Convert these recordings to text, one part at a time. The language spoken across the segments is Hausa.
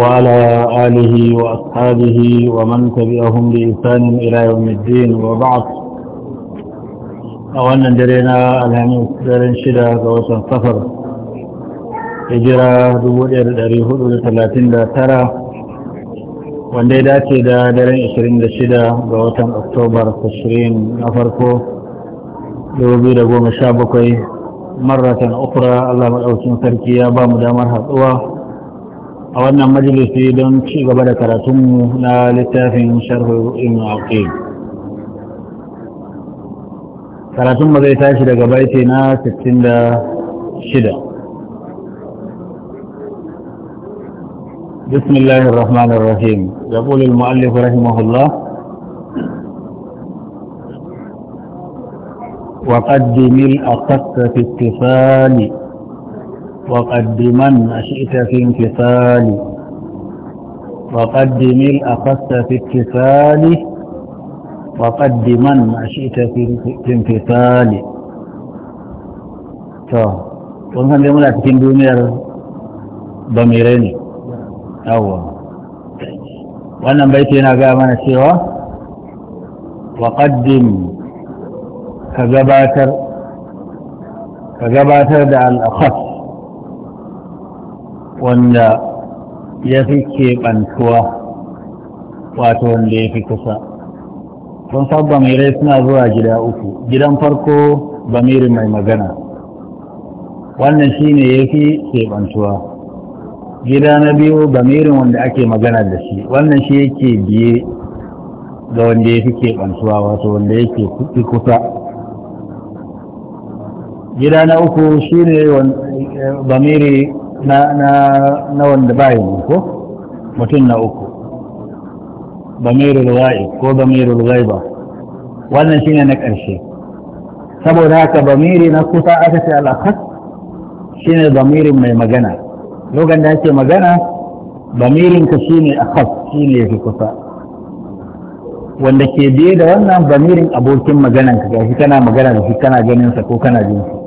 وعلى آله وأصحابه ومن تبعهم بإحسان إلى يوم الدين وبعد أولا درينا الهميس درين شدا كوشن صفر هجرة دولير داري هدو لثلاثين ترى wanda ya dace da daren 26 ga watan oktobar 20 na farko 2017 maratan ukura allah maɗaukin sarki ya ba mu damar hatsuwa a wannan majalisi don ci gaba da karatunmu na littafin sharhu ibn aqil karatun ba zai tashi daga baiti na 66 بسم الله الرحمن الرحيم يقول المؤلف رحمه الله وقدم الأخص في التفال وقدمن شئت في امتثالي وقدم الأخذت في امتثالي وقدمن شئت في امتثالي kun san dai muna cikin duniyar bamire ne yawon wannan baiti yana gaya mana cewa waƙaddim ka gabatar da al'akas wanda ya fi keɓantuwa wato wanda ya fi kusa sabba mai rai suna zuwa gida uku gidan farko bamirin mai magana wannan shi ne ya fi keɓantuwa gida na biyu bamirin wanda ake magana da shi wannan shi yake biye ga wanda ya fi keɓantuwa wato wanda yake fi kusa gida na uku shi ne eh, bamiri na na na wanda ba ne ko mutum na uku mai wa'i ko bamirul ba wannan shine na ƙarshe saboda haka bamiri na kusa aka ce al'akas shi shine bamirin mai magana lokacin da ake magana bamirin ka shine ne shine fi kusa wanda ke biye da wannan bamirin abokin maganan ka gashi kana magana da shi kana ganin sa ko kana jin sa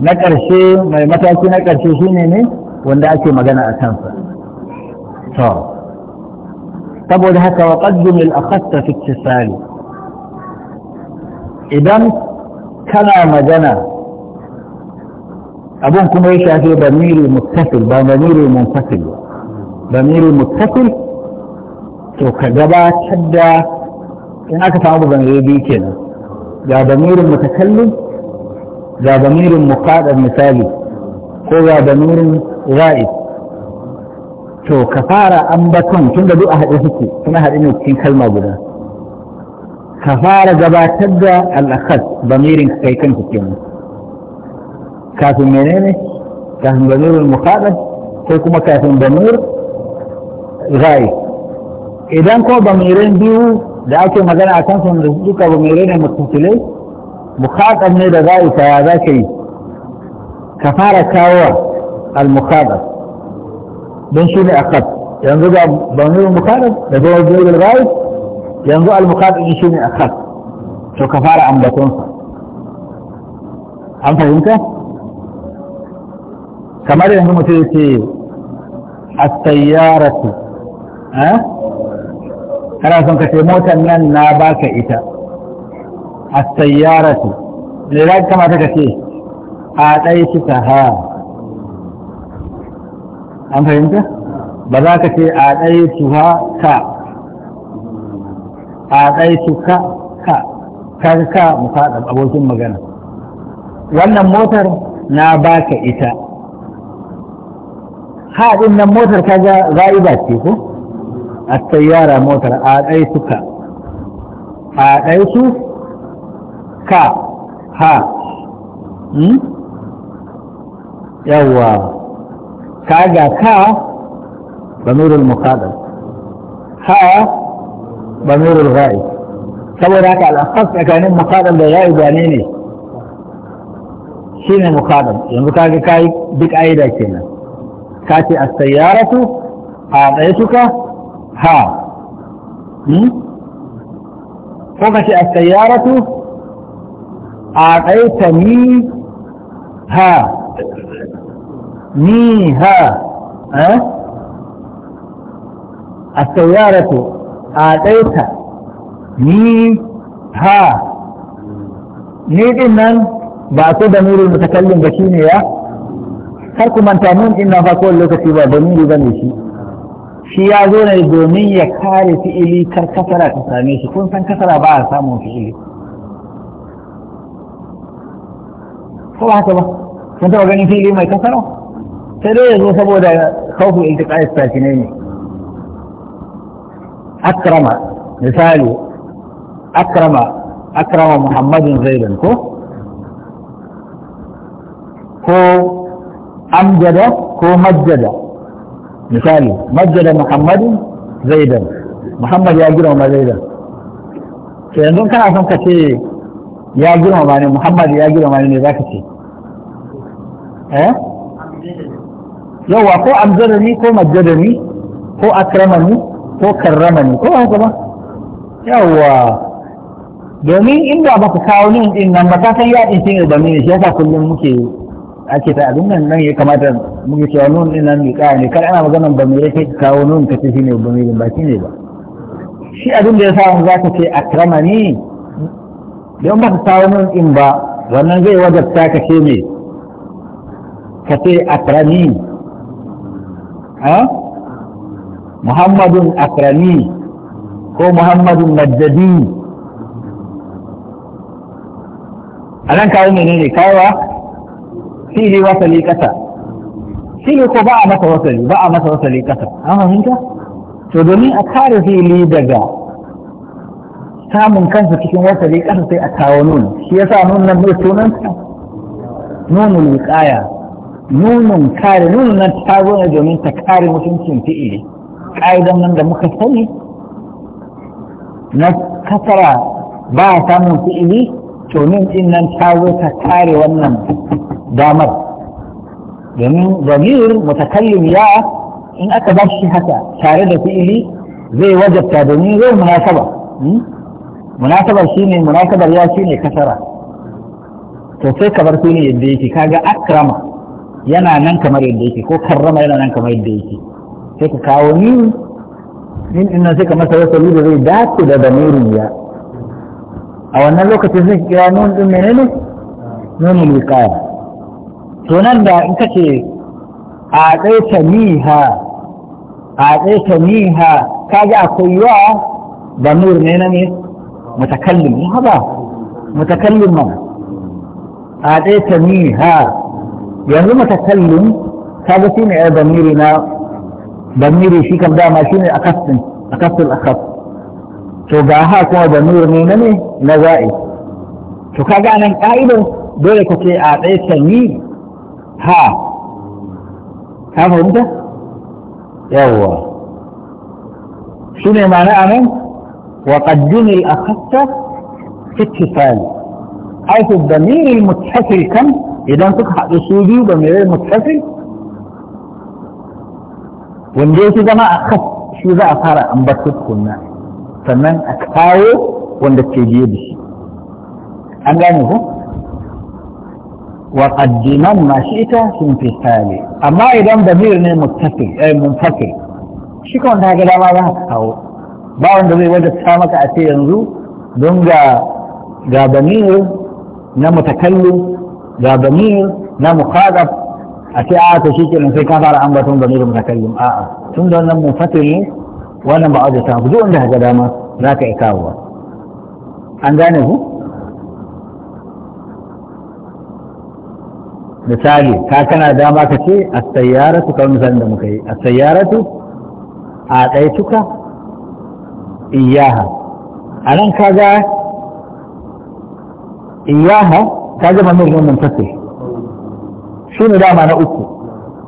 na ƙarshe mai mataki na ƙarshe shine ne wanda ake magana a kansa to saboda haka wa qaddim al fi ittisali idan kana magana abun kuma ya shafi bamiri muttasil ba bamiri munfasil bamiri to ka gabatar da in aka samu bamiri biyu kenan ga bamirin mutakallim ga damirin muqadar misali ko ga damirin ra'id to ka fara ambaton tun da duk a haɗe suke suna haɗe ne cikin kalma guda ka fara gabatar da al'akas damirin kai kanka kenan kafin menene kafin damirin muqadar ko kuma kafin damir rai idan ko damirin biyu da ake magana a kan da duka damirin ne mutasilai mukhatab ne da za a ya za ka yi ka fara kawo al-mukhatab don shi ne akad yanzu ga bamirin mukhatab da zuwa jirgin rayu yanzu al-mukhatab shi ne a akad to ka fara ambatonsa an fahimta kamar yanzu mutum ya ce as-sayyaratu eh kana son ka ce motar nan na baka ita as-sayyaratu ne za ka kamata ka ce a ɗai kita ha an fahimta ba za ka ce a ɗai tuha ka a ɗai tuka ka kaga ka mu faɗa abokin magana wannan motar na baka ita ha ɗin nan motar kaga za'iba ce ko a tayyara motar a ɗai tuka a ɗai tuka ka ha hmm? yawwa kaga ka bamirul muqaddam ha bamirul ghaib saboda haka al'akas tsakanin muqaddam da ghaib wane ne shine muqaddam yanzu ka kaga kai duk aida kenan ka ce as-sayyaratu suka ha hmm? ko ka ce as-sayyaratu a ɗaita ni ha ni ha a sauyara to a ni ha ni ɗin nan ba ku da nuru da takallin ba shi ne ya kar ku manta mun ɗin nan kowane lokaci ba da nuru ba shi ya zo ne domin ya kare fi'ili kar kasara ta same shi kun san kasara ba a samun fi'ili ko ba haka ba kun taɓa ganin fili mai kasara sai dai ya zo saboda kaufin iltiƙayar sakinai ne akrama misali akrama akrama muhammadin zaidan ko ko amjada ko majjada misali majjada muhammadin zaidan muhammad ya girmama zaidan to yanzu kana son ka ce ya girmama ne muhammad ya girmama ne za ka ce eh yawa ko amjadani ko majjadani ko akramani ko karramani ko haka ba yawa domin inda ba ka kawo ni din nan ba ka san yaɗin sun irbami ne shi yasa kullum muke ake ta abin nan nan ya kamata muke cewa nun din nan mai kaya ne kar ana maganan ba mai yake kawo nun ka ce shine ba mai ba ne ba shi abin da ya sa za ka ce akramani don ba ka kawo nun din ba wannan zai wajabta ka ce mai ka ce akrami muhammadun akrami ko muhammadun majjadi a nan kawo menene kawowa fili wasali kasa fili ko ba a masa wasali ba a masa wasali kasa an fahimta to domin a kare fili daga samun kansa cikin wasali kasa sai a kawo nun shi yasa nun nan mai sunan nunul wiqaya nunin kare nunin nan ta zo ne domin ta kare mutuncin fi'ili ƙa'idan nan da muka sani na kasara ba a samun fi'ili to nun din nan ta zo ta kare wannan damar domin zamir mutakallim ya in aka bashi shi haka tare da fi'ili zai wajabta domin zai munasaba hmm? munasabar shine munasabar ya ne kasara to sai ka bar fi'ili yadda yake kaga akrama yana nan kamar yadda yake ko karrama yana nan kamar yadda yake sai ka kawo ni min ina sai ka masa wasu da zai dace da damirin ya a wannan lokacin zai kira nun din menene nunul wiqaya to nan da in kace a tsaye ta niha a tsaye ta niha kaga akwai wa damir ne na ne mutakallim haba mutakallim ma. a tsaye ta ha. yanzu mutakallin kaga shi ne damiri na damiri shi kam dama shi ne akasin akasin akas to ga ha kuma damir ne na ne na za'i to kaga nan ka'idar dole ka ce a tsaye sanyi ha ka fahimta yawwa shi ne ma na anan wa qaddimi al-akhassa fi ittifal haythu damiri al-muttasil kam idan suka haɗu su biyu da mai rai mutafi wanda ya fi zama a kas shi za a fara ambatar kunna sannan a kawo wanda ke biye da shi an gane ku wa qaddiman ma shi ita sun fi sale amma idan da damir ne mutafi eh munfasil shi ka wanda ga dama za ka kawo ba wanda zai wajabta maka a ce yanzu don ga ga damir na mutakallim ga damir na mukhalaf a ce a ta shi kenan sai ka fara ambaton damir mutakallim a'a tun da wannan munfatir ne wannan ba aje ta duk wanda ga dama za ka yi kawowa an gane ku misali ka kana dama ka ce a sayyaratu kawai misalin da muka yi a sayyaratu a ɗaya tuka iyaha a nan ka ga iyaha ka gama mai wannan tafe shi ne dama na uku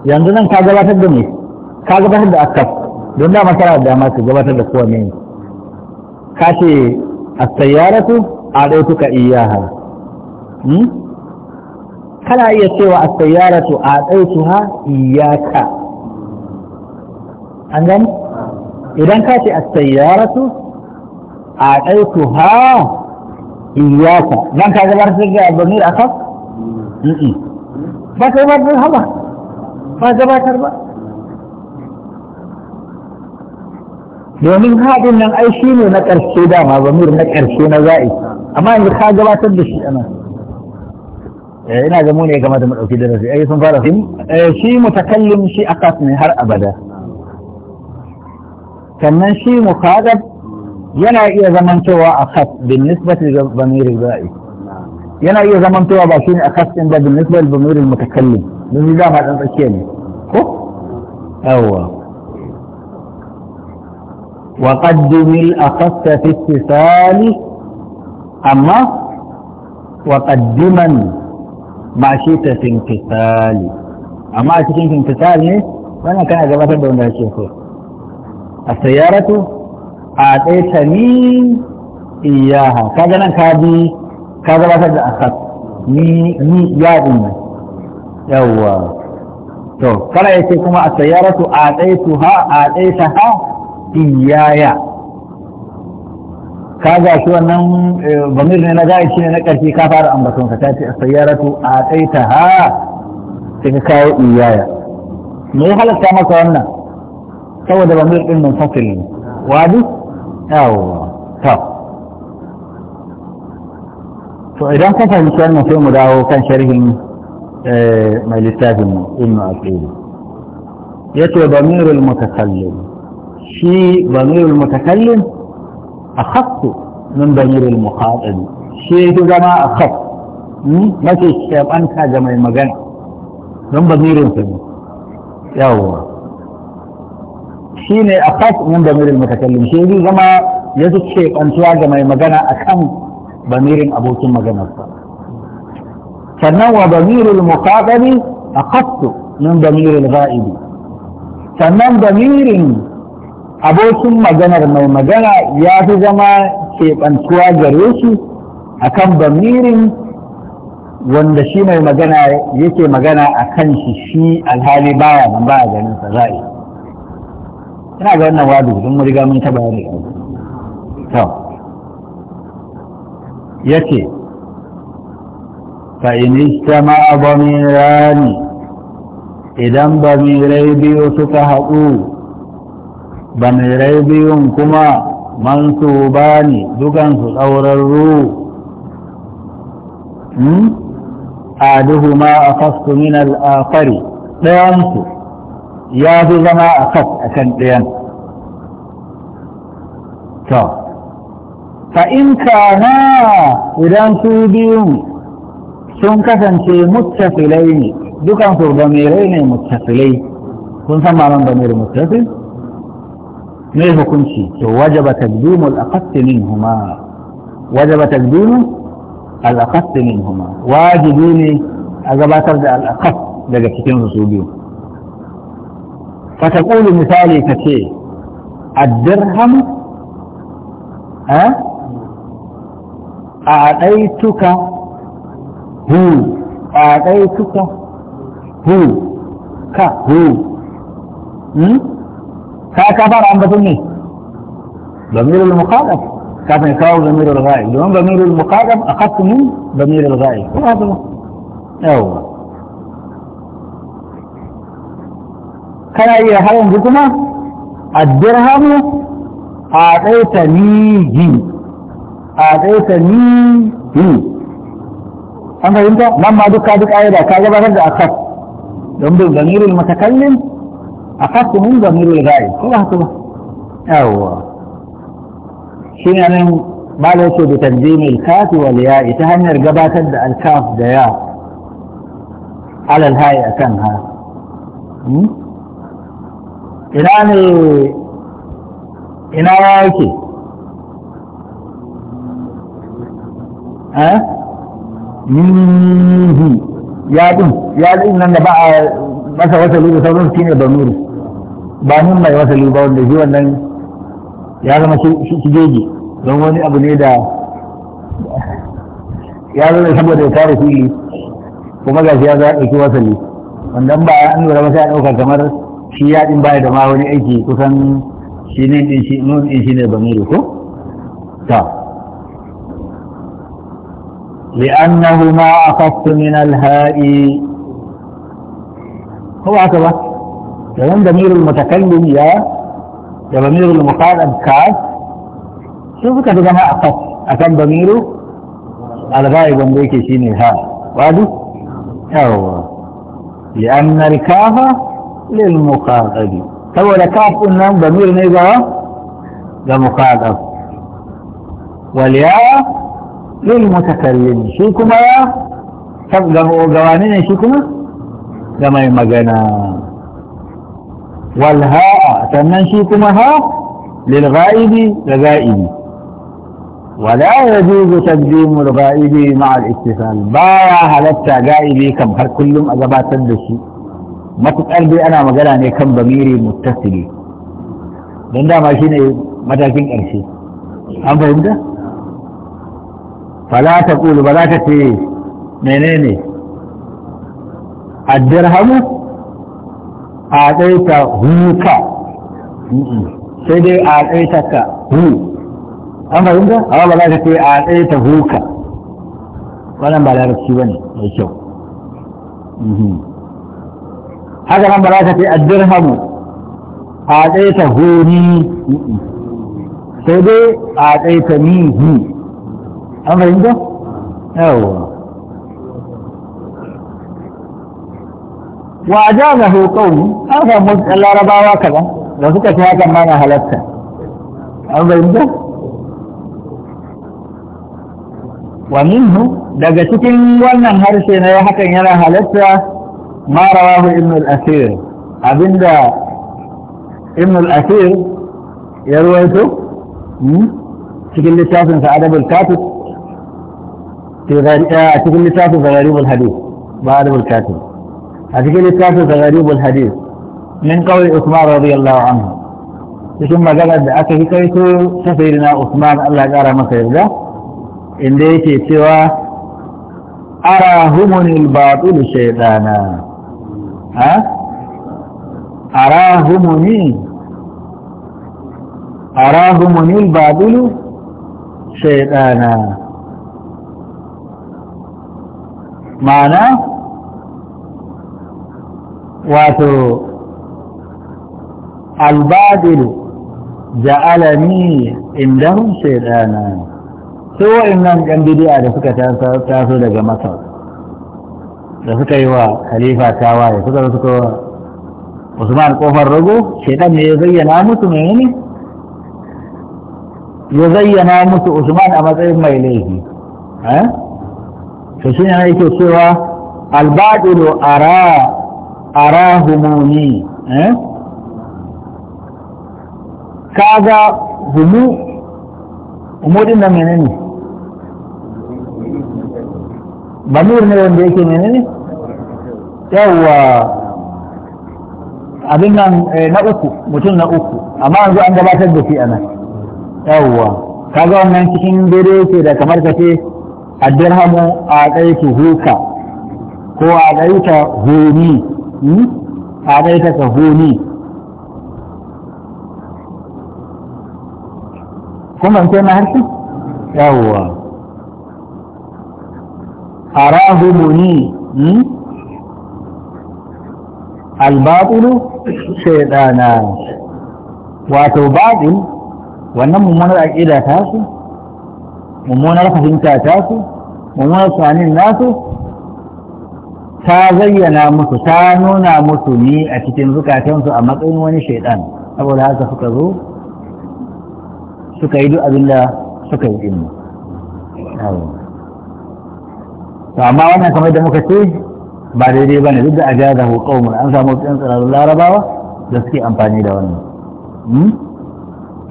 yanzu nan ka gabatar da mai ka gabatar da akaf don dama tana da dama ka gabatar da kowa ne ka ce a sayyaratu a ɗautuka iyaha hmm? kana iya cewa a sayyaratu a ɗautuha iyaka an gani idan ka ce a sayyaratu a ha. إياك لن تغير في الضمير أخف لا تغير في الهوى ما تغير في الهوى ومن هذا من أي شيء منك أرسي داما ضمير منك أرسي نزائي أما إن الخاجة لا تدشي إيه، أنا إنا زموني كما تمر أكيد رسي أي صنفار إيه، شيء متكلم شيء أقاتني هر أبدا كان شيء مخاطب yana iya zamantowa a khas bin nisbati ga bamirin ra'i yana iya zamantowa ba shi ne a khas din da bin nisbati bamirin mutakallim don yi dama dan tsake ne ko yawa wa yawwa وقدم fi في amma wa qaddiman ba shi ta sinkisali amma a cikin sinkisali ne wannan kana gabatar da wanda ya ko السيارة a ɗaya ta ni iyaha ka ga ka bi ka gabatar da asad ni ni ya din nan yawwa to kana yace kuma a sayyaratu a ɗaya ha a ɗaya ta ha iyaya ka ga shi wannan eh, bamir ne na gaya shi ne na ƙarfi ka fara ambaton ka ta ce a sayyaratu a ɗaya ha sai ka kawo iyaya me ya halatta maka wannan saboda bamir ɗin mun fasili ne wadu أو ك فإذا كان في مثال مثل مداه كان شريه ما للتازم إنه أقول يتوى ضمير المتكلم شيء ضمير المتكلم أخف من ضمير المخاطب شيء جماعة أخف ما في أنت هذا ما من ضمير المتكلم يا الله Shi ne a fas min bamirin mutakallim shi zai zama ya ce kwantuwa ga mai magana akan bamirin abokin maganar maganarsa sannan wa bamirin bamirul muqatabi aqassu min bamiril ghaibi sannan bamirin abokin maganar mai magana ya fi zama keɓantuwa gare shi akan bamirin wanda shi mai magana yake magana a kan shi shi alhali baya nan ba a ganin sa za'i ina ga wannan wadu don mu riga mun taba ne to yace fa in istama abamiran idan dhamirai biyu suka haɗu dhamirai biyun kuma man su mansubani dukansu ɗaurarru ahaduhuma hmm, afastu min al-akhari dayansu يا في زما أخف أكن ديان فإن كانا إذن سوديون سنكة سنشي متفلين دو كان في الضميرين متفلين كن سمع من ضمير متفل ميه كنشي وجب تقديم الأخف منهما وجب تقديم الأخف منهما واجبيني أجبات الأخف لقد تكون سوديون فتقول مثالي كثير الدرهم ها أعطيتك هو أعطيتك هو ك هو كأكبر عن بطني ضمير المخالف كان يكاو ضمير الغائب لمن ضمير المخالف أخذت من ضمير الغائب هذا أيوه kana iya har yanzu kuma addirhamu a tsaita niji a tsaita niji an fahimta nan ma duka duk ayyada ka gabatar da akas don bin zamirul mutakallim akas min zamirul ghaib ko ba haka ba yawwa shine nan mala yake da tanzimil kafi wal ya'i ta hanyar gabatar da alkaf da ya alal hayi akan ha ina ne ina ya yake eh? minhi ya din ya din nan da ba a masa wasali da sauransu shine da nuru ba nun mai wasali ba wanda shi wannan ya zama shi jeji don wani abu ne da ya zama saboda ya kare fili kuma shi ya za a ɗauki wasali wanda ba an lura masa ya ɗauka kamar shi ya ɗin baya da ma wani aiki kusan shi ne ɗin shi nun ɗin shi ne ba mu ko ta li annahu ma akhaftu min al ha'i ko aka ba da nan da mirul mutakallim ya da ba mirul muqaddam ka su suka daga ma akhaf akan ba miru al ga'i wanda yake shine ha wadu yawa li anna al kafa للمقاعد طب ولا كاف انهم ضمير نيبه لمقاعد والياء للمتكلم شيكما طب قوانين شيكما لما يمجنا والهاء تمن شيكما ها للغائب لغائب ولا يجوز تقديم الغائب مع الاتصال باه لتا غائبي كم هر كلهم اجابات الدشي matuƙar dai ana magana ne kan bamiri muttasili don dama shi ne matakin ƙarshe an fahimta? fala ta ƙulu ba za ta ce menene addirhamu a ɗaita huka sai dai a ɗaita ka hu an fahimta? amma ba za ta ce a ɗaita huka wannan ba larabci ba ne mai kyau mm-hmm. haka nan ba za ka ce dirhamu a tsaita huni sai dai a tsaita nihi an fahimta? yawwa wa ajazahu qawmi an samu larabawa kaza da suka ce hakan mana halatta an fahimta wa minhu daga cikin wannan harshe na hakan yana halatta ما رواه ابن الأثير عبد ابن الأثير يرويته تقول لي شاف في عدب الكاتب شكل آه، لي شاف في غريب الحديث بعدب الكاتب تقول لي شاف في غريب الحديث من قول عثمان رضي الله عنه ثم قال أكي كيف سفيرنا عثمان الله قال ما سيبدا إن ديتي سوى أراهمني الباطل شيطانا arahumuni arahumuni al-babulu shaytana ma'ana wato al-babilu ja'alani indahum shaytana su wa'annan kan bidiya da suka taso daga masar da suka yi wa khalifa tawaye suka zo suka Usman kofar rago shedan ne ya zayyana musu menene ya zayyana musu Usman a matsayin mai laifi eh to shine yake cewa al-badilu ara arahumuni eh kaga humu umudin da menene bamir ne wanda yake ne? yawwa abin nan eh, na uku mutum na uku amma yanzu an gabatar da shi a nan yawwa kaga wannan cikin dare yake da kamar ka ce addirhamu a ɗaitu huka ko a ɗaita honi hmm? a ɗaita ka honi kuma ce na harshe yawwa arahu muni albaɓulu shaidana wato baɗin wannan mummunar aƙida ta su mummunar fahimta ta su mummunar tunanin nasu ta zayyana musu ta nuna musu ni a cikin zukatansu a matsayin wani shaidan saboda haka suka zo suka yi duk abin da suka yi ilmi. to amma wannan kamar da muka ce ba daidai bane duk da a ajazahu qaumun an samu ɗan tsararrun larabawa da suke amfani da wannan hmm?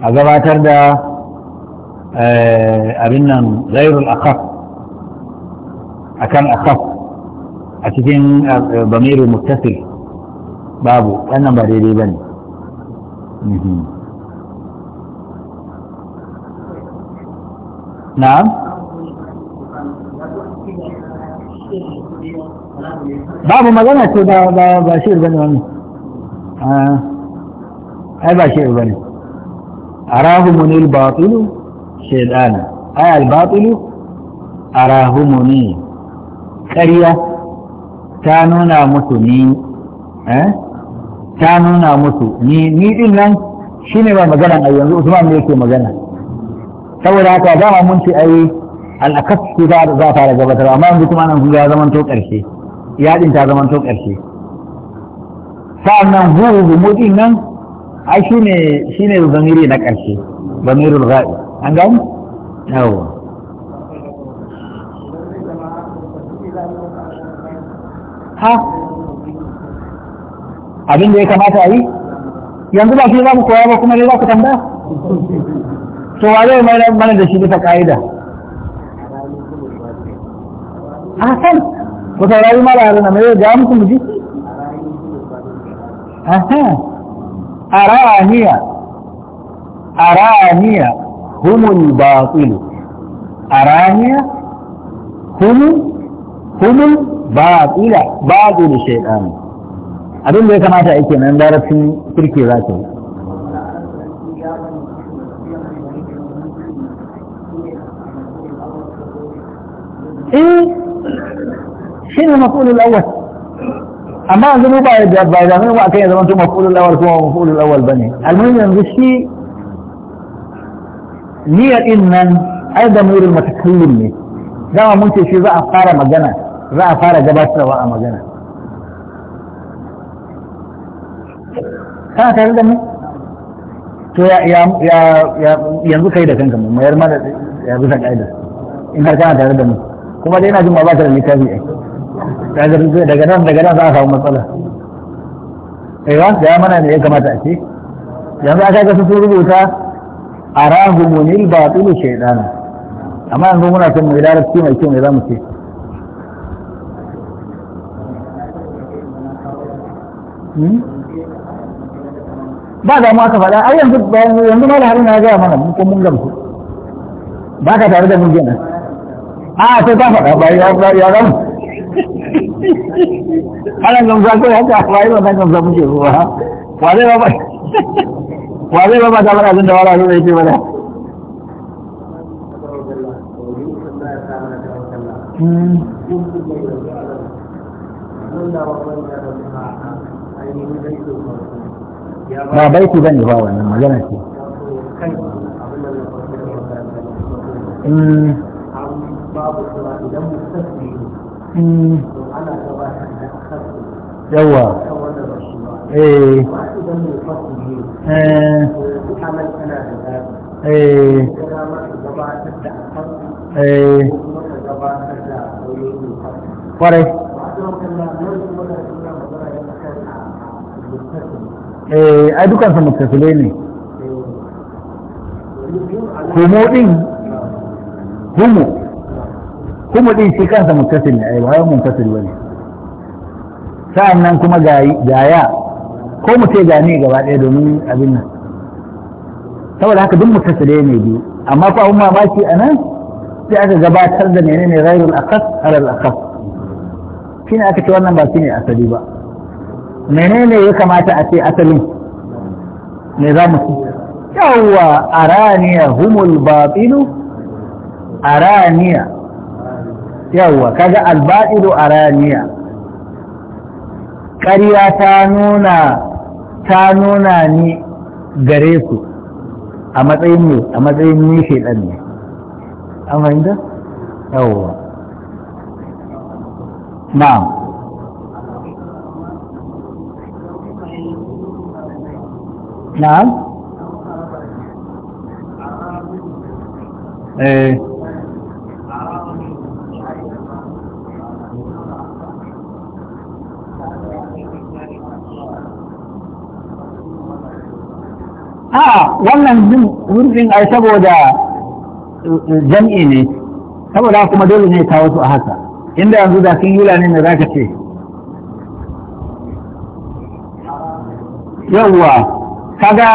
a gabatar da eh, abin nan akaf a akan akaf a cikin bamiru eh, muttasil babu wannan ba daidai bane hmm. Na. باب مغنى سيدا باشير بن عمي اه اي باشير بن اراه من الباطل شيدان اي الباطل اراه من قرية كانونا مسلمين اه كانونا مسلمين مين لن شيني با مغنى اي انزو اثمان ليكي مغنى سورا كذا ومنشي اي الاكس كذا ذاتها لجبتها امام بكم انا هنجا زمن تو قرشي yaɗin ta zama to ƙarshe sa'annan hu humudin nan ai shine shine zamiri na ƙarshe zamirul ghaib an gani yawa ha abin da ya kamata a yi yanzu ba shi za ku koya ba kuma dai za ku tambaya to wa zai mai mana da shi bisa ka'ida a san ku saurari mara haruna mai ga muku mu ji araniya araniya humul batil araniya humul humul batila batil shaytan abin da ya kamata a yake nan larabcin kirki za ta yi eh شنو المفعول الاول اما ذنوب الباذن ما كان اذا انتم مفعول الاول كما مفعول الاول بني المهم ان الشيء نيه ان هذا مير المتكلم ده ممكن شيء ذا افكار مغنى ذا افكار جبسه ومغنى ها ترى دم يا يا يا يا ينزل كده كان كم ما يرمى يا بس كده ان كان ترى دم كما دينا جمعه بعد الميتابي daga nan daga nan za a samu matsala aiwa eh, da ya mana ne ya kamata a ce yanzu aka ga sun rubuta a rahumunil batilu shaidana amma yanzu muna son mai larabci mai kyau mai za mu ce hmm? ba da mu aka faɗa ai yanzu yanzu ma da harin ya gaya mana ko mun gamsu ba ka tare da mun gina a sai ta faɗa ba ya zamu ana gamsa ko wai ba nan gamsa muke wa zai ba wa zai ba abin da wala ba baiti ba wannan magana ce hmm. Hmm. yawa eh eh eh, eh. kwarai eh ai dukansu mutasilai ne kuma din humu humu din shi kansa mutasil ne ai ba mun mutasil bane sa'an nan kuma gaya ko mu ce gane gaba ɗaya domin abin nan saboda haka duk mutasile ne biyu amma ko abin mamaki a nan sai aka gabatar da menene a akas harar akas shi ne aka ce wannan ba shi ne asali ba menene ya kamata a ce asalin me za mu ci yawwa araniya humul batilu araniya yawwa kaga alba'ilu araniya ƙarya ta nuna ni gare su a matsayin ne a matsayin ni shaidan ne an fahimta yawwa Na. Na. eh a wannan jin wurin ai saboda eh, jam'i ne saboda kuma dole ne kawo su a haka inda yanzu da sun yula ne za ka ce yawwa kaga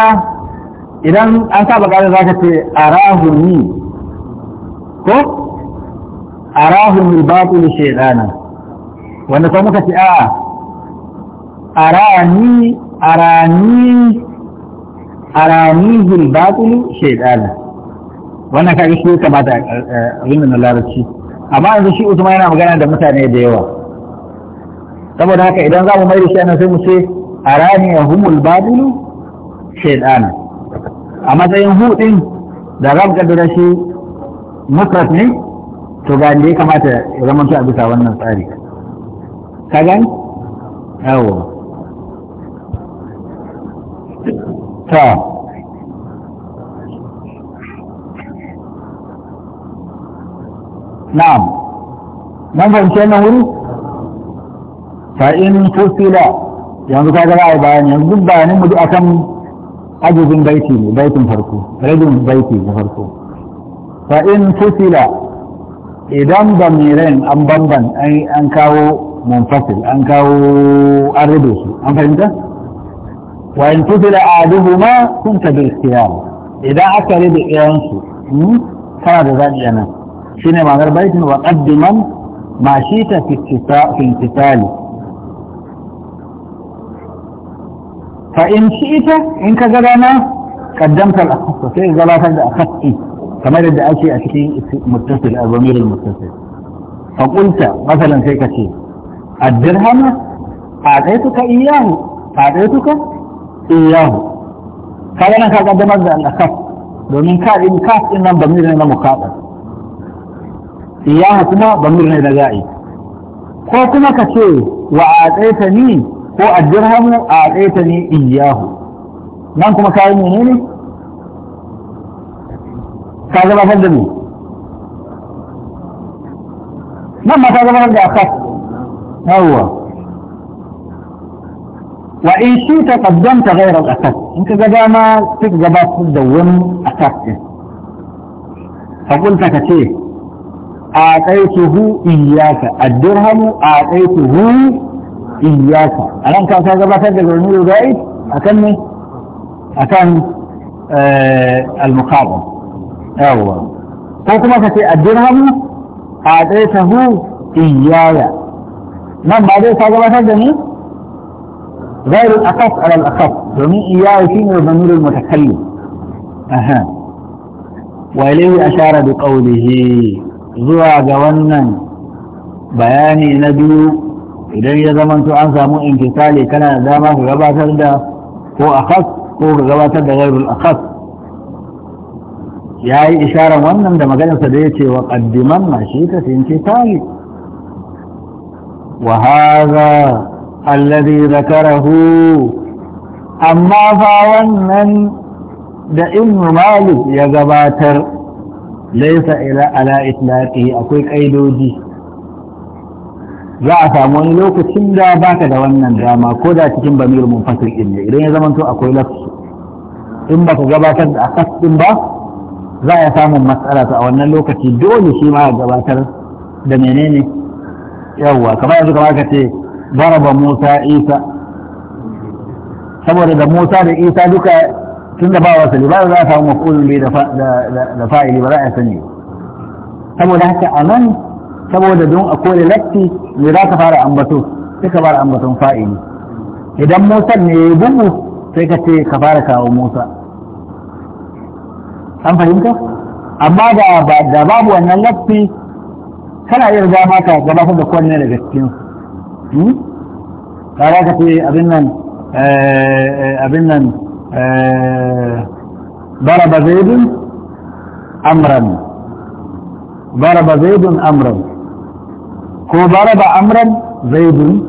idan an saba ƙari za ka ce a rahuni ko a rahuni baƙul shaidana wanda kuma muka ce a a a rahuni Aramihul batulu shaydana wannan kaga shi kamata eh, abin na larabci amma yanzu shi Usman yana magana da mutane da yawa saboda haka idan za mu mai da shi ana sai mu ce aranihumul batulu a matsayin hu da da mu kaddara shi mufrad ne to ga ya kamata ya zama a bisa wannan tsari kagan gani ta na'am nan fahimci nan wuri fa'in fusila yanzu ka gaba a bayani yanzu bayanin mu a kan ajibin baiti ne baitin farko rajin baiti na farko fa'in fusila idan bamirin an bamban an kawo mun munfasil an kawo an rabe su an fahimta وإن تدل أحدهما كنت بالاختيار إذا أكل بإيانسو فهذا ذلك أنا شنو معنى بيت وقدما ما شئت في الكتاب فإن شئت إن كذلنا قدمت الأخص في غلافة أخذت كما يبدا أشياء أشياء متصل الضمير المتصل فقلت مثلا في كثير الدرهم أعطيتك إياه أعطيتك iyahu kaga nan ka kaddamar da alakaf, domin ka in ka in nan bamir ne na mukaɗa. iyahu kuma bamir ne na ga'i ko kuma ka ce wa ataita ni ko ad-dirhamu ataita ni iyahu nan kuma ne ne ka gabatar da ni nan ma ka gabatar da akaf yawwa وإن شئت قدمت غير الأساس أنت قداما تقدر تدون أساسك فقلت كثير آتيته إياك الدرهم آتيته إياك الآن كان تقدر تدل العميل الغائب أكمل أكان آه المقابل أول فوقما كثير الدرهم آتيته إياك نعم بعدين تقدر تدل غير الأخص على الأخص ومن إياه شين ضمير المتكلم أها وإليه أشار بقوله زوى جوانا بياني نبي إذا يزمنت أن سامو انكسالي كان داما في غباتر دا هو أخص هو غباتر دا غير الأخص ya yi isharar wannan da maganarsa da ya ce wa ƙaddiman mashi ta sai ce tali wa haza alladhi zakarahu amma fa wannan da ibnu malik ya gabatar laysa ila ala itlaqi akwai kaidoji za a samu wani lokacin da baka da wannan dama ko da cikin bamir munfasil din ne idan ya zama to akwai lafsu in baka gabatar da akas din ba za a samu matsala a wannan lokaci dole shi ma gabatar da menene yawwa kamar yanzu kamar ka ce daraba Musa Isa saboda da Musa da Isa duka tun da ba wasu ba za a samu mafulun bai da fa'ili ba za a sani saboda haka a nan saboda don a kore latti ne za ka fara ambato sai ka fara ambaton fa'ili idan Musa ne ya bugu sai ka ce ka fara kawo Musa an fahimta amma da babu wannan latti kana yin dama ka gabatar da kowanne daga cikinsu قال هذا في أبنن آه، آه، أبنن آه، ضرب زيد أمرا ضرب زيد أمرا هو ضرب أمرا زيد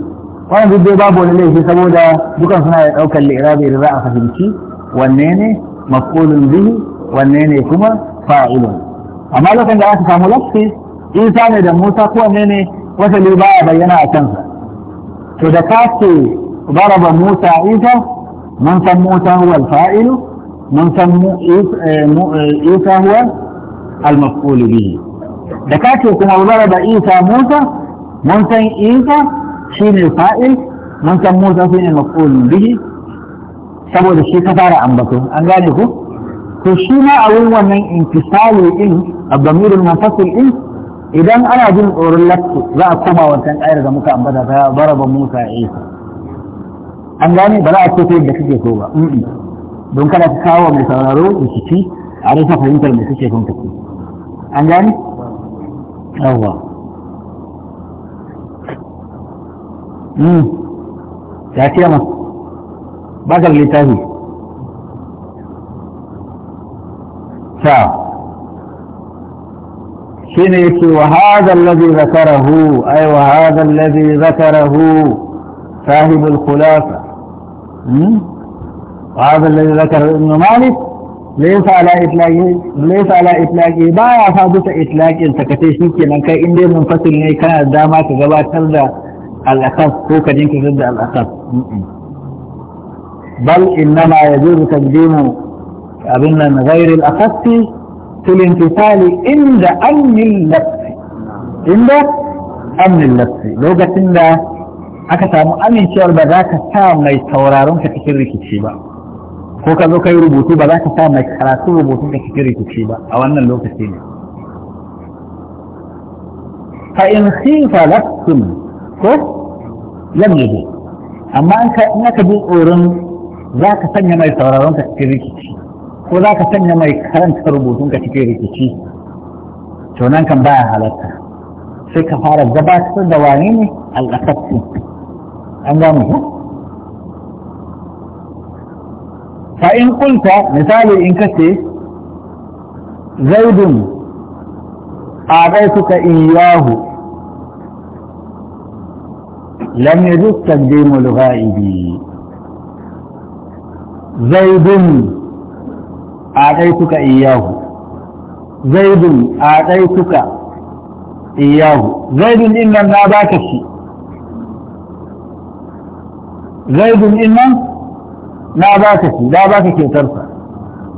وانا بده ضرب ولله في سبودا دكان صناعي اوكا لإرادة رضاء خشبكي والنيني مفقول به والنيني كما فاعل اما لو كان جاءت فهم لفظ انسان ده موسى قوى النيني وسلي باع بينا اتنفى كده كافي ضرب موسى عيسى من سموه هو الفائل من كان عيسى هو آه، آه، المفقول به دكاتي كما ضرب عيسى موسى من سن عيسى شين الفائل من سموه فين المفقول به سبو ده شي كفارة عمبتو انجاني كو كشينا اول ومن انكسال الان الضمير المنفصل الان idan ana jin tsoron lafsu za a koma wancan ƙayar da muka ambata ta baraba musa isa an gane ba za a ce da yadda kake so ba don kada ka kawo mai sauraro rikici a rasa fahimtar mai kake son kake an gane yawwa mm. ya ce ma ba ka littafi ta shine yake wa hadha alladhi zakarahu ay wa hadha alladhi zakarahu وهذا الذي ذكره ابن مالك ليس على إطلاقه ليس على إطلاقه ما ثابت إطلاق أنت كتيش نكي لأنك إن دي منفصل لي كان الدامة كذبا ترد الأخف هو كدينك ضد الأخف بل إنما يجوز تقديم أبنا غير الأخف في الامتثال عند أمن اللبس عند أمن اللبس لوقت إن aka samu amincewar ba za ka sa mai tauraron ka cikin rikici ba ko ka zo ka yi rubutu ba za ka sa mai karatu rubutun ka cikin rikici ba a wannan lokaci ne fa in khifa lakum ko yamlihu amma in ka ji tsoron za ka sanya mai tauraron ka cikin rikici ko za ka sanya mai karanta rubutun ka cikin rikici to nan kan baya halatta sai ka fara gabatar da wani ne al'akassu an gano ku fa in kulta misali in ka ce zaidun a suka iyahu لم يجوز تقديم الغائب زيد adaituka iyahu zaidun adaituka iyahu zaidun din nan na baka shi zaidun din nan na baka shi na baka kyautarsa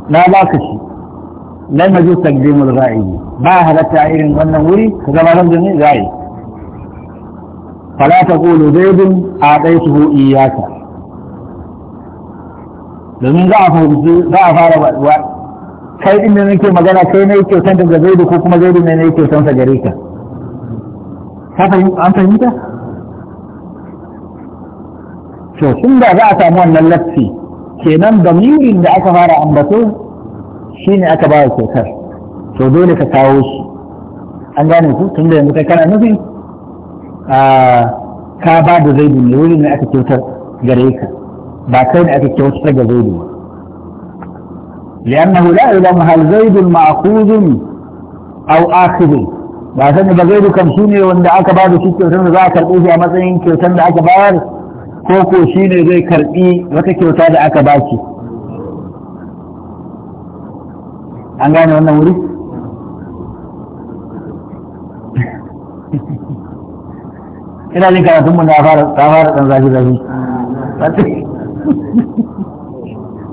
na baka shi lan najus taqdimul ra'i ba halatta irin wannan wuri ka gabatar da ni ra'i fala taqulu zaidun adaituhu iyaka domin za a fahimci za a fara wa kai din da nake magana kai na yake san daga zaidu ko kuma zaidu ne yake kyautan sa gare ka an fahimta to tun da za a samu wannan lafi kenan mirin da aka fara ambato shine aka ba kyautar to dole ka kawo shi an gane ku tun da yanzu kai kana nufi ah, ka ba da zaidu ne wurin ne aka kyautar gare ka بعدين أتكي وشحق زيد لأنه لا إلم هل زيد معقوذ أو آخذ بعدين إذا زيد كم سنه وإن دعاك بعد شكي وتنو دعاك الأوزي أمزين كي وتنو دعاك بعد كوكو شيني زي كرئي وتكي وتنو دعاك بعد شكي أنقاني وأنه مريد إلا لنك أنا ثم أنه أفارق أفارق أنه زاجي زاجي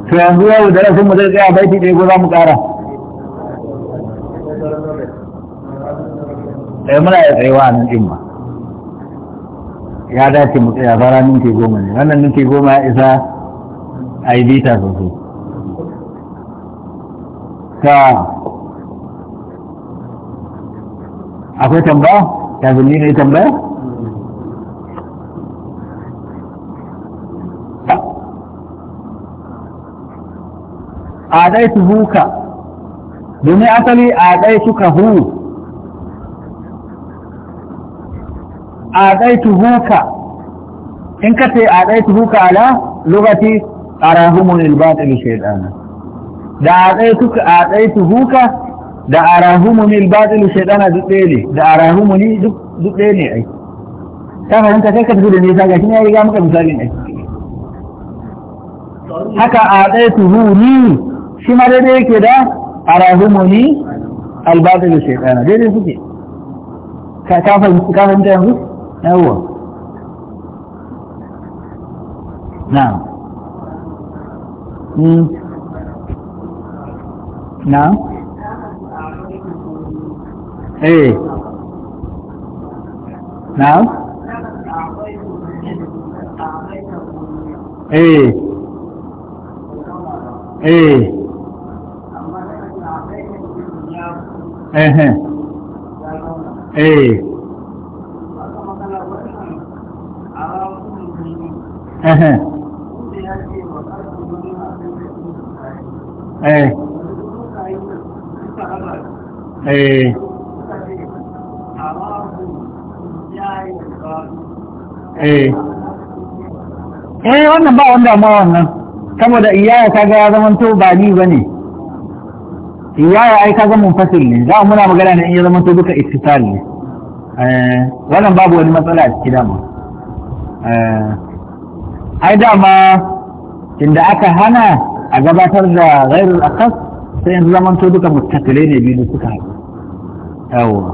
to yanzu yau da rasin mu zai a baiti ɗaya ko za mu ƙara ɗaya eh, muna ya tsaye wa nan ɗin ma ya dace mu tsaya fara minti goma ne wannan minti goma ya isa a yi bita sosai ta akwai tambaya ta zulmi ne tambaya adaitu huka domin asali adaitu ka hu adaitu huka in ka ce adaitu huka ala lugati arahumun ilbatil shaydana da adaitu ka adaitu huka da arahumun ilbatil shaydana duk ɗaya ne da arahumuni duk ɗaya ne ai ta fahimta kai ka tafi da nisa ga shi ne ya riga maka misalin ai haka adaitu hu ni shi ma daidai yake da arahumuni albatil shaytana daidai suke ka ka fahimta yanzu yawwa na hmm. na eh na eh eh Eh. Eh. Eh. eh wannan ba wanda ma wannan saboda iyaya ta ga ya zama to ba ni bane riwaya ai kaga munfasil ne za muna magana ne in ya zama to duka ittisal ne wannan babu wani matsala a cikin dama ai dama inda aka hana a gabatar da ghairul akas sai yanzu zaman to duka mutakile ne biyu suka haɗu yawwa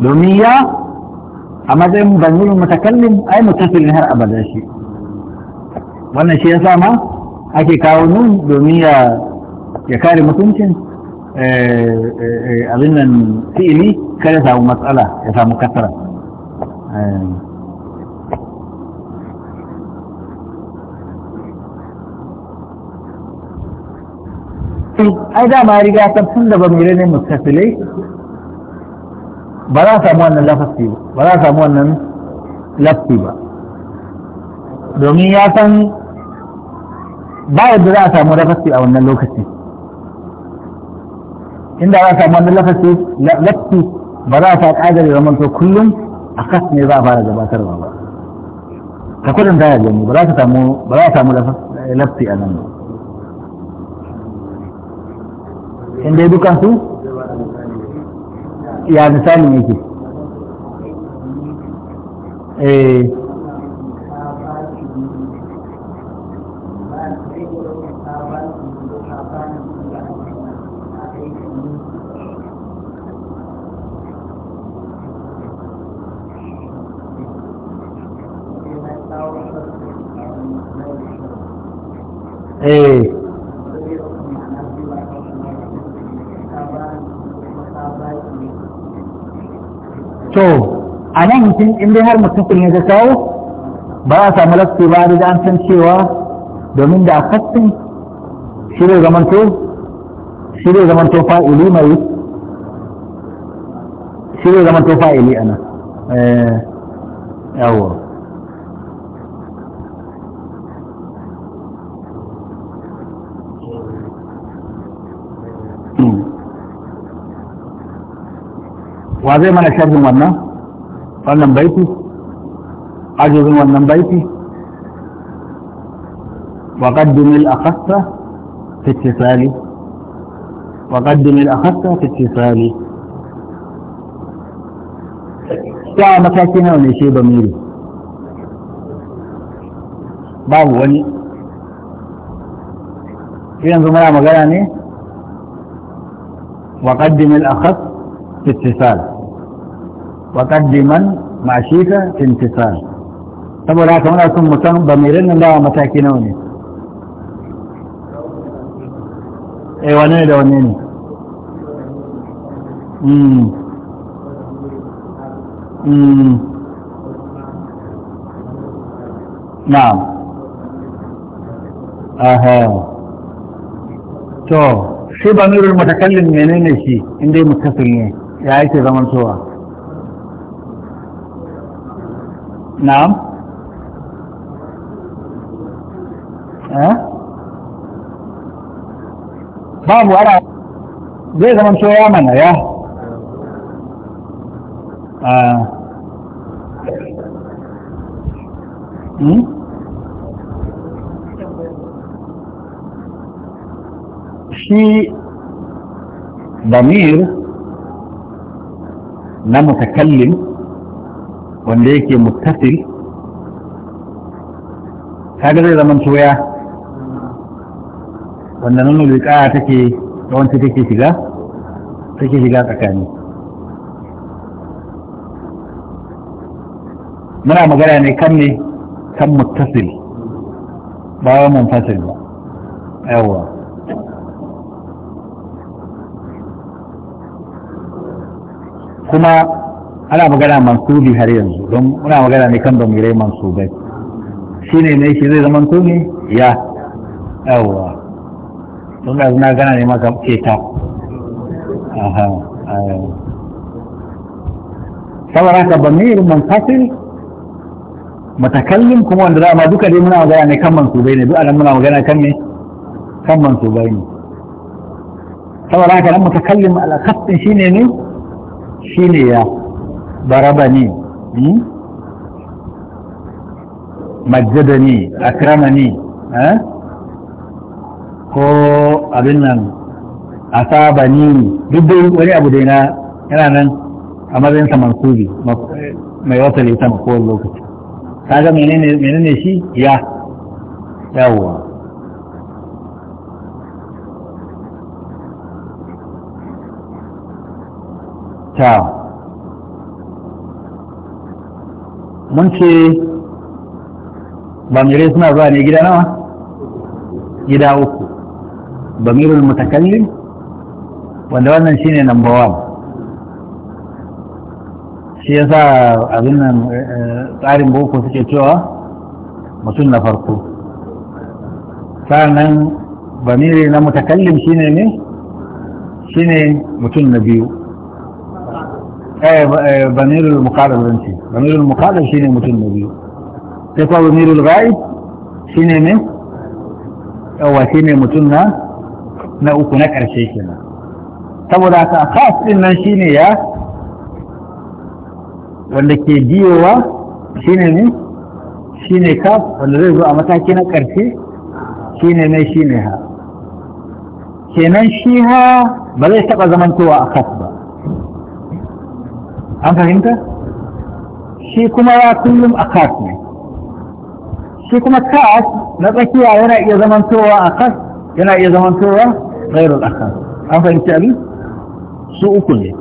domin ya a matsayin banzurin mutakallim ai mutakallim har abada shi wannan shi ya sama, ake kawo nun domin ya kare mutuncin eh, eh, abin nan fi'ili kar ya samu matsala ya samu kasara eh, ai dama riga ta tun da ba mai rene ba za a samu wannan lafafi ba ba za a samu wannan lafafi ba domin ya san ba yadda za a samu rafasi a wannan lokaci inda za a samu wannan lafafi ba za a sa ƙadari zaman to kullum a kas ne za a fara gabatarwa ba ka kudin ta gani ba za samu ba za a samu lafafi a nan ba inda ya dukan su ya misali yake eh eh to a nan in dai har mutum ya kawo ba a samu lafi ba da an san cewa domin da a kastin shi zamanto shi zamanto fa'ili mai zamanto fa'ili ana eh, wa zai mana sharhin wannan wannan baiti ajizin wannan baiti wa qaddimil akhassa fi ittisali wa qaddimil akhassa fi ittisali ya mataki nawa ne shi bamiri babu wani yanzu muna magana ne وقدم الأخف في اتصال waƙaddiman mashita intisar saboda haka muna son musan ba mai rinnan dawa mataki nawa ne eh wane da wane ne na'am aha to shi ba nurul mutakallim menene shi inda mutasil ne ya yake zamantowa نعم babu ana zai zama cewa mana ya a shi damir na mutakallim wanda yake muttasil kaga zai zama tuya wanda nuna liƙa take yawanci take shiga take shiga tsakani muna magana ne kan ne kan muttasil ba wa munfasil ba yawwa kuma ana magana mansubi har yanzu don muna magana ne kan domirai mansubai shi ne ne shi zai zama to ne ya yawa don da na gana ne maka keta saboda haka bamirin fasil matakallin kuma wanda za duka dai muna magana ne kan mansubai ne duk anan muna magana kan ne kan mansubai ne saboda haka nan matakallin al-akhas shi ne ne ya baraba ne hmm? majjada ne akrama ne eh? ko abin nan asaba ne duk dai wani abu da yana nan a matsayin sa mansubi mai wata ne sama kowane lokaci kaga menene shi ya yawwa ta mun ce bamirai suna zuwa ne gida nawa gida uku bamirin mutakallim wanda wannan shine number one shi ya sa abin nan eh, tsarin boko suke cewa mutum na farko sa'annan bamiri na mutakallim shine ne shine mutum na biyu Eh, eh, banirul mukarar zanci banirul mukarar shi shine mutum na biyu sai kuma banirul ga'ib shi ne ne yawa shi mutum na na uku na ƙarshe kenan saboda haka khas din nan shine ya wanda ke biyowa shi ne ne shi kaf wanda zai zo a mataki na ƙarshe shine ne shine shi ne ha kenan shi ha ba zai taɓa zamantowa a kaf ba an fahimta shi kuma ya kullum a kas ne shi kuma kas na tsakiya yana iya zamantowa a kas yana iya zamantowa ghairul akas an fahimta abin su uku ne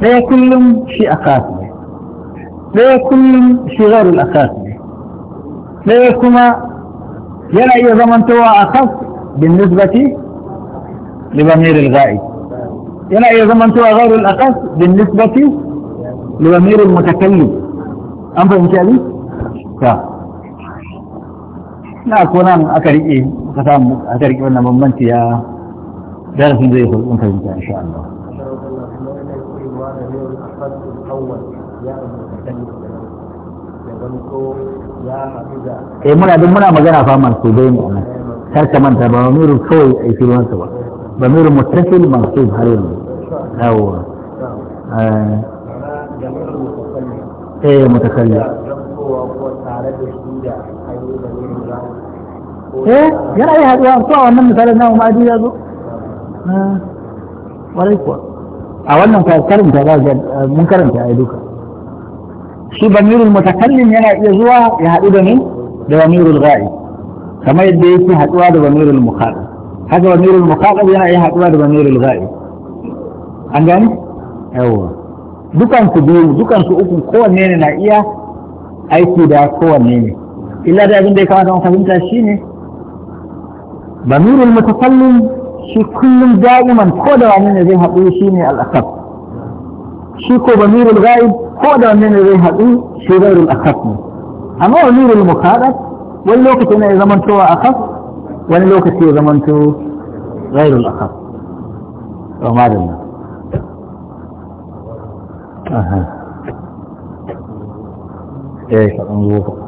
ɗaya kullum shi a kas ne ɗaya kullum shi ghairul akas ne ɗaya kuma yana iya zamantowa a kas bin nisbati لضمير الغائب yana iya zaman cewa ghairul aqas bin nisbati li amir al mutakallim an fahimci ali ta na ko nan aka rike ka samu aka rike wannan bambanci ya darasin zai hulun fahimta insha Allah eh muna duk muna magana famar man su dai ne kar ka manta ba mu kawai ai filwansa ba ضمير متصل منصوب عليه أو آه ايه متكلم ايه يرى ايه هذا انطوع وانا انه ما ادي يا ولا آه، يكوى اولا فاذكرم تغاجد منكرم تأيدوك shi bamiru mutakallim yana iya zuwa ya haɗu da ni da bamiru الغائي kamar يدي yake haɗuwa da المخارج haka bamirul muqaddam yana iya haɗuwa da bamirul ghaib an gane yawa dukan biyu dukan ku uku kowanne ne na iya aiki da kowanne ne illa da abin da ya kamata mu fahimta shine bamirul mutakallim shi kullum da'iman ko da wani ne zai haɗu shine al-asab shi ko bamirul ghaib ko da wani ne zai haɗu shi ghairul ne amma bamirul muqaddam wani lokaci ne ya zama towa wani lokaci ya zamanto ghairul aka wa madalla aha eh kaɗan zuwa